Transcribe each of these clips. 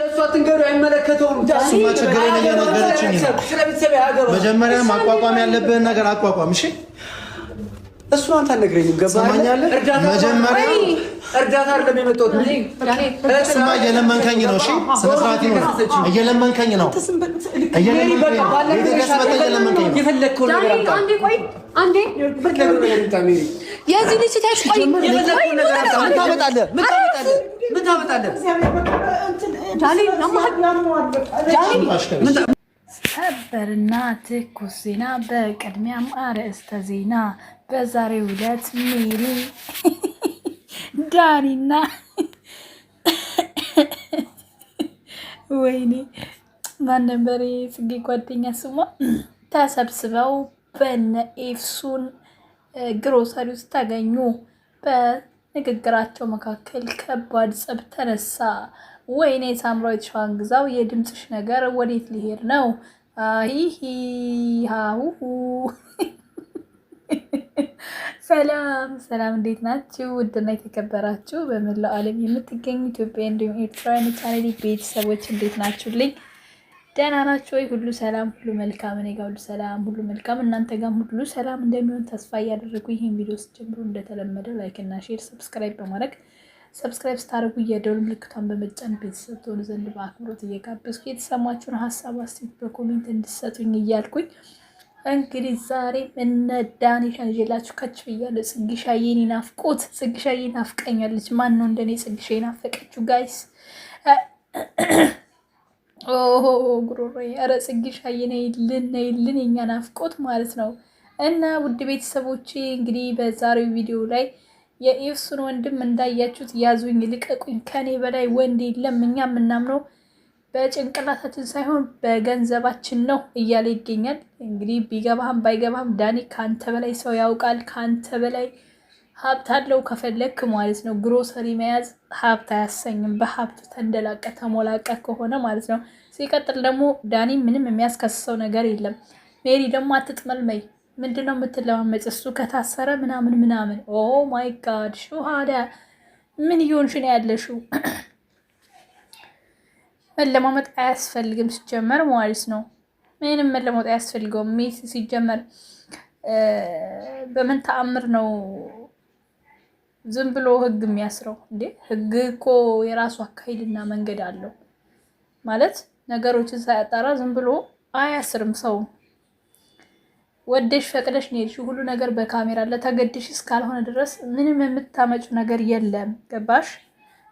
ለእሷ አትንገዱ፣ አይመለከተውም። እሱማ ችግሬን መጀመሪያ ማቋቋም ያለብህን ነገር አቋቋም። እሺ እሱ አንተ አልነግረኝም። ገባኛለህ? መጀመሪያ እርዳታ አይደለም የመጣሁት እሱማ እየለመንከኝ ነው። እሺ ስነ ስርዓት ይኖር። እየለመንከኝ ነው፣ የዚህ ልጅ ታሽቆይ ምን ታመጣለህ? ምን ታመጣለህ? ሰበርና ትኩስ ዜና። በቅድሚያም አርዕስተ ዜና በዛሬው ዕለት ሜሪ ዳኒና ወይኔ ማን ነበር ጽጌ ጓደኛ ስሟ ተሰብስበው በነ ኤፍሱን ግሮሰሪ ውስጥ ተገኙ። በንግግራቸው መካከል ከባድ ጸብ ተነሳ። ወይኔ ሳምራዊት ሸዋንግዛው የድምፅሽ ነገር ወዴት ሊሄድ ነው? ሂሃሁ ሰላም ሰላም፣ እንዴት ናችሁ? ውድና የተከበራችሁ በመላው ዓለም የምትገኙ ኢትዮጵያ እንዲሁም ኤርትራ የቻናሌ ቤተሰቦች እንዴት ናችሁልኝ? ደህና ናችሁ ወይ? ሁሉ ሰላም፣ ሁሉ መልካም። እኔ ጋር ሁሉ ሰላም፣ ሁሉ መልካም። እናንተ ጋርም ሁሉ ሰላም እንደሚሆን ተስፋ እያደረጉ ይህን ቪዲዮ ስጀምሩ እንደተለመደ ላይክ እና ሼር፣ ሰብስክራይብ በማድረግ ሰብስክራይብ ስታደርጉ የደወል ምልክቷን በመጫን ቤተሰብ ትሆኑ ዘንድ በአክብሮት እየጋበዝኩ የተሰማችሁን ሀሳብ አስተያየት በኮሜንት እንድሰጡኝ እያልኩኝ እንግዲህ ዛሬ እነ ዳኒሻን ይዤላችሁ ከች ብያለሁ። ጽጌሻዬን ናፍቆት ጽጌሻዬ ናፍቀኛለች። ማን ነው እንደኔ ጽግሻ ናፈቀችው? ጋይስ ጉሮሮ ረ ጽጌሻዬ ነይልን፣ ነይልን የኛ ናፍቆት ማለት ነው። እና ውድ ቤተሰቦቼ እንግዲህ በዛሬው ቪዲዮ ላይ የኤፍሱን ወንድም እንዳያችሁት ያዙኝ ልቀቁኝ፣ ከኔ በላይ ወንድ የለም፣ እኛ የምናምነው በጭንቅላታችን ሳይሆን በገንዘባችን ነው እያለ ይገኛል። እንግዲህ ቢገባህም ባይገባህም ዳኒ ከአንተ በላይ ሰው ያውቃል፣ ከአንተ በላይ ሀብት አለው። ከፈለክ ማለት ነው ግሮሰሪ መያዝ ሀብት አያሰኝም። በሀብት ተንደላቀ ተሞላቀ ከሆነ ማለት ነው። ሲቀጥል ደግሞ ዳኒ ምንም የሚያስከስሰው ነገር የለም። ሜሪ ደግሞ አትጥመልመይ ምንድነው የምትለማመጽ? እሱ ከታሰረ ምናምን ምናምን። ኦ ማይ ጋድ ሹሃዳ ምን እየሆንሽ ነው ያለሽው? መለማመጥ አያስፈልግም ሲጀመር ማለት ነው። ምንም መለማመጥ አያስፈልገውም። ሚስ ሲጀመር በምን ተአምር ነው ዝም ብሎ ህግ የሚያስረው እንዴ? ህግ እኮ የራሱ አካሄድና መንገድ አለው ማለት ነገሮችን ሳያጣራ ዝም ብሎ አያስርም ሰው ወደሽ ፈቅደሽ ነው የሄድሽው። ሁሉ ነገር በካሜራ ለተገድሽ እስካልሆነ ድረስ ምንም የምታመጭው ነገር የለም። ገባሽ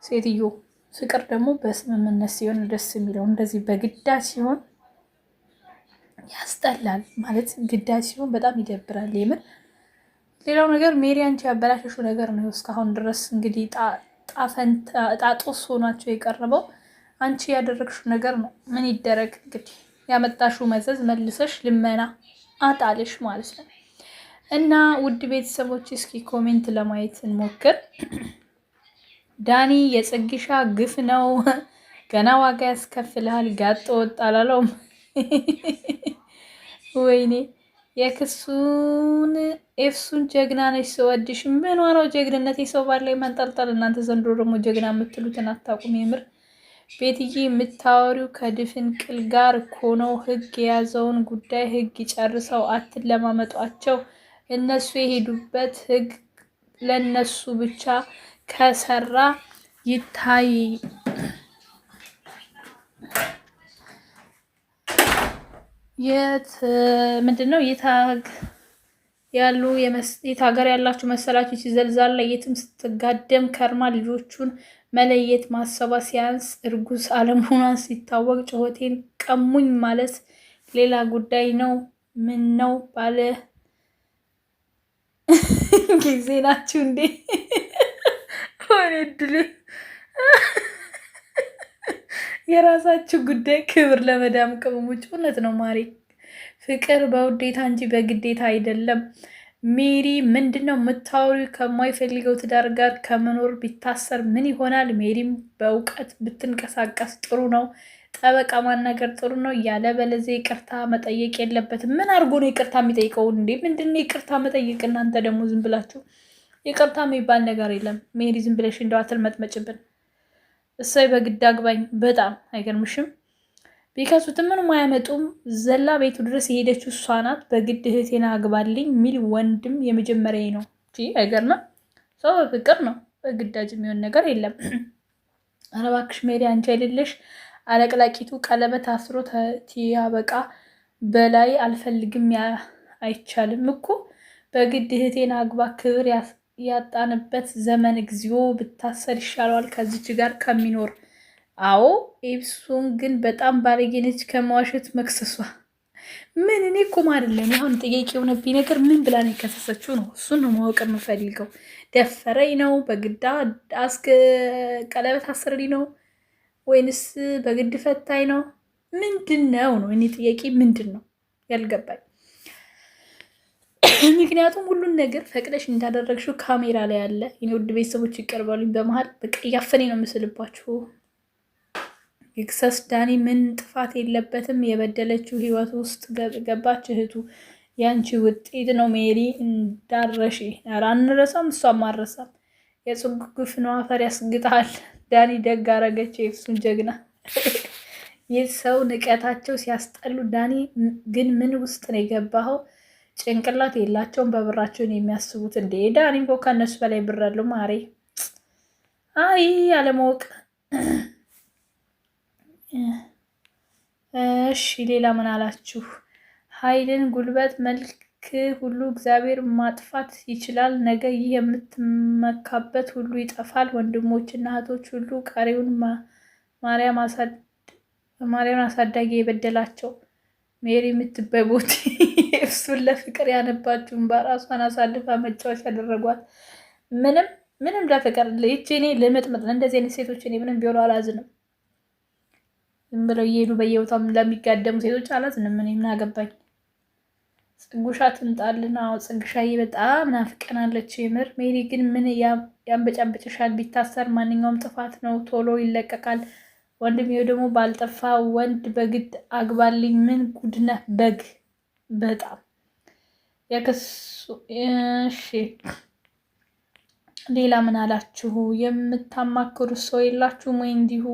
ሴትዮ? ፍቅር ደግሞ በስምምነት ሲሆን ደስ የሚለው እንደዚህ በግዳ ሲሆን ያስጠላል። ማለት ግዳ ሲሆን በጣም ይደብራል። የምር ሌላው ነገር ሜሪ አንቺ ያበላሸሹ ነገር ነው እስካሁን ድረስ እንግዲህ ጣጦስ ሆኗቸው የቀረበው አንቺ ያደረግሽው ነገር ነው። ምን ይደረግ እንግዲህ ያመጣሽው መዘዝ መልሰሽ ልመና አጣልሽ ማለት ነው። እና ውድ ቤተሰቦች እስኪ ኮሜንት ለማየት እንሞክር። ዳኒ የጽግሻ ግፍ ነው ገና ዋጋ ያስከፍልሃል። ጋጥ ወጥ አላለውም። ወይኔ የክሱን ኤፍሱን ጀግና ነች ስወድሽ። ምን ዋናው ጀግንነት? የሰው ባል ላይ መንጠልጠል። እናንተ ዘንድሮ ደግሞ ጀግና የምትሉትን አታውቁም የምር ቤትዬ የምታወሪው ከድፍን ቅል ጋር እኮ ነው። ህግ የያዘውን ጉዳይ ህግ ይጨርሰው፣ ለማመጧቸው እነሱ የሄዱበት ህግ ለነሱ ብቻ ከሰራ ይታይ የት ምንድን ነው የታግ ያሉ የት ሀገር ያላችሁ መሰላችሁ? ሲዘልዛል ለየትም ስትጋደም ከርማ ልጆቹን መለየት ማሰቧ ሲያንስ እርጉዝ አለመሆኗን ሲታወቅ ጩኸቴን ቀሙኝ ማለት ሌላ ጉዳይ ነው። ምን ነው ባለ ጊዜ ናችሁ እንዴ? ሆነ ድል የራሳችሁ ጉዳይ ክብር ለመዳም ቅመሞች። እውነት ነው ማሬ ፍቅር በውዴታ እንጂ በግዴታ አይደለም። ሜሪ ምንድን ነው የምታወሪው? ከማይፈልገው ትዳር ጋር ከመኖር ቢታሰር ምን ይሆናል? ሜሪም በእውቀት ብትንቀሳቀስ ጥሩ ነው። ጠበቃ ማናገር ጥሩ ነው። ያለበለዚያ ይቅርታ መጠየቅ የለበትም። ምን አድርጎ ነው ይቅርታ የሚጠይቀው? እንዴ ምንድን ነው ይቅርታ መጠየቅ? እናንተ ደግሞ ዝም ብላችሁ ይቅርታ የሚባል ነገር የለም። ሜሪ ዝም ብለሽ እንደው አትልመጥመጭብን። እሰይ በግድ አግባኝ። በጣም አይገርምሽም? ቢከሱትም ምንም አያመጡም። ዘላ ቤቱ ድረስ የሄደችው እሷ ናት። በግድ እህቴን አግባልኝ የሚል ወንድም የመጀመሪያ ነው እ አይገርምም? ሰው በፍቅር ነው በግዳጅ የሚሆን ነገር የለም። ኧረ እባክሽ ሜሪ አንቺ አይደለሽ አለቅላቂቱ ቀለበት አስሮ በቃ በላይ አልፈልግም፣ አይቻልም እኮ በግድ እህቴን አግባ። ክብር ያጣንበት ዘመን እግዚኦ ብታሰር ይሻለዋል ከዚች ጋር ከሚኖር አዎ ኤፕሶን ግን በጣም ባለጌ ከመዋሸት መክሰሷ ምን እኔ እኮ አይደለም አሁን ጥያቄ የሆነብኝ ነገር ምን ብላን የከሰሰችው ነው። እሱን ነው ማወቅ የምፈልገው። ደፈረኝ ነው በግዳ አስክ ቀለበት አስርልኝ ነው ወይንስ በግድ ፈታኝ ነው? ምንድን ነው ነው እኔ ጥያቄ ምንድን ነው ያልገባኝ። ምክንያቱም ሁሉን ነገር ፈቅደሽ እንዳደረግሽው ካሜራ ላይ አለ። እኔ ውድ ቤተሰቦች ይቀርባሉኝ። በመሀል በቃ እያፈኔ ነው የምስልባችሁ። የክሰስ ዳኒ ምን ጥፋት የለበትም። የበደለችው ህይወት ውስጥ ገባች እህቱ። ያንቺ ውጤት ነው ሜሪ እንዳረሽ ኧረ አንረሳም፣ እሷም አረሳም። የጽጉፍን አፈር ያስግጣል። ዳኒ ደግ አረገች። የሱን ጀግና ይህ ሰው ንቀታቸው ሲያስጠሉ። ዳኒ ግን ምን ውስጥ ነው የገባኸው? ጭንቅላት የላቸውም በብራቸውን የሚያስቡት እንዴ። ዳኒ እኮ ከእነሱ በላይ ብር አለው ማሬ። አይ አለማወቅ እሺ ሌላ ምን አላችሁ? ኃይልን ጉልበት፣ መልክ ሁሉ እግዚአብሔር ማጥፋት ይችላል። ነገ ይህ የምትመካበት ሁሉ ይጠፋል። ወንድሞችና እህቶች ሁሉ ቀሪውን ማርያም አሳዳጊ የበደላቸው ሜሪ የምትበቦት እሱን ለፍቅር ያነባችሁ በራሷን አሳልፋ መጫወች ያደረጓት ምንም ምንም ለፍቅር ይቺ እኔ ልምጥምጥ እንደዚህ አይነት ሴቶች እኔ ምንም ቢሆኑ አላዝንም። ዝም ብለው እየሄዱ በየቦታው ለሚጋደሙ ሴቶች አላዝንም። እኔ ምን አገባኝ? ጽጉሻ ትምጣልና። አዎ ጽግሻዬ በጣም ናፍቀናለች። የምር ሜሪ ግን ምን ያንበጫንበጭሻል? ቢታሰር ማንኛውም ጥፋት ነው፣ ቶሎ ይለቀቃል። ወንድሜው ደግሞ ባልጠፋ ወንድ በግድ አግባልኝ። ምን ጉድነ በግ በጣም ያከሱ። እሺ ሌላ ምን አላችሁ? የምታማክሩት ሰው የላችሁም ወይ እንዲሁ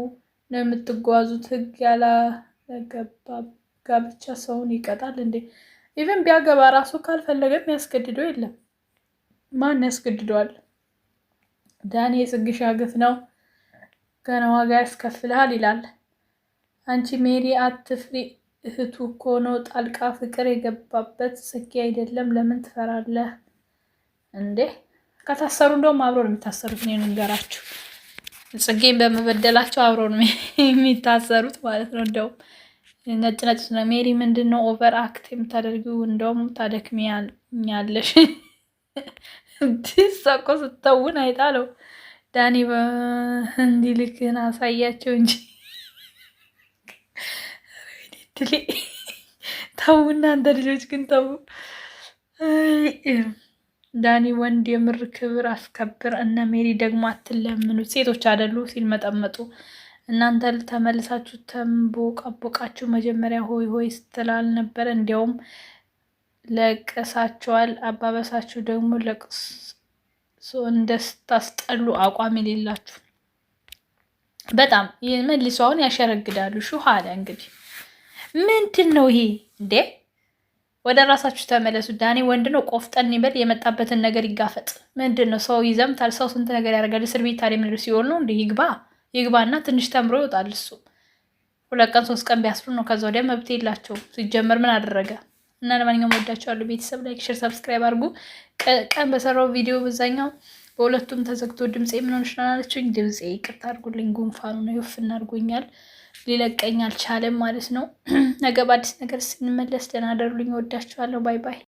ነው የምትጓዙት። ህግ ያላገባ ጋብቻ ሰውን ይቀጣል እንዴ? ኢቨን ቢያገባ ራሱ ካልፈለገም ያስገድደው የለም። ማን ያስገድደዋል? ዳኒ የጽግሻ ግፍ ነው፣ ገና ዋጋ ያስከፍልሃል ይላል። አንቺ ሜሪ አትፍሪ፣ እህቱ እኮ ነው ጣልቃ ፍቅር የገባበት ስኪ አይደለም። ለምን ትፈራለህ እንዴ? ከታሰሩ እንደውም አብሮ ነው የሚታሰሩት። እኔ ንገራችሁ ጽጌን በመበደላቸው አብሮ ነው የሚታሰሩት ማለት ነው። እንደውም ነጭ ነጭ ነው። ሜሪ ምንድን ነው ኦቨር አክት የምታደርጊው? እንደውም ታደክሚያለሽ። ዲሳቆ ስተውን አይጣለው ዳኒ እንዲልክን አሳያቸው እንጂ ተው እናንተ ልጆች ግን ተው። ዳኒ ወንድ የምር ክብር አስከብር፣ እነ ሜሪ ደግሞ አትለምኑ ሴቶች አደሉ ሲል መጠመጡ። እናንተ ተመልሳችሁ ተንቦቀቦቃችሁ መጀመሪያ ሆይ ሆይ ስትላል ነበር። እንዲያውም ለቅሳችኋል። አባበሳችሁ ደግሞ ለቅሶ እንደስታስጠሉ አቋም የሌላችሁ በጣም መልሶ አሁን ያሸረግዳሉ። ሹህ አለ እንግዲህ ምንድን ነው ይሄ እንዴ? ወደ ራሳችሁ ተመለሱ። ዳኔ ወንድ ነው፣ ቆፍጠን ይበል፣ የመጣበትን ነገር ይጋፈጥ። ምንድን ነው ሰው ይዘምታል፣ ሰው ስንት ነገር ያደርጋል። እስር ቤት ታዲያ ምንድን ሲሆን ነው እንዲህ? ይግባ ይግባና ትንሽ ተምሮ ይወጣል። እሱ ሁለት ቀን ሶስት ቀን ቢያስሩ ነው። ከዛ ወዲያ መብት የላቸው። ሲጀመር ምን አደረገ? እና ለማንኛውም ወዳቸዋለሁ። ቤተሰብ ላይክ፣ ሼር፣ ሰብስክራይብ አድርጉ። ቀን በሰራው ቪዲዮ በዛኛው በሁለቱም ተዘግቶ ድምፄ ምን ሆነሽ ነው አለችኝ። ድምፄ ይቅርታ አድርጉልኝ፣ ጉንፋኑ ነው ይወፍና አድርጎኛል። ሊለቀኝ አልቻለም ማለት ነው። ነገ በአዲስ ነገር ስንመለስ ደህና ደሩልኝ። ወዳችኋለሁ። ባይ ባይ።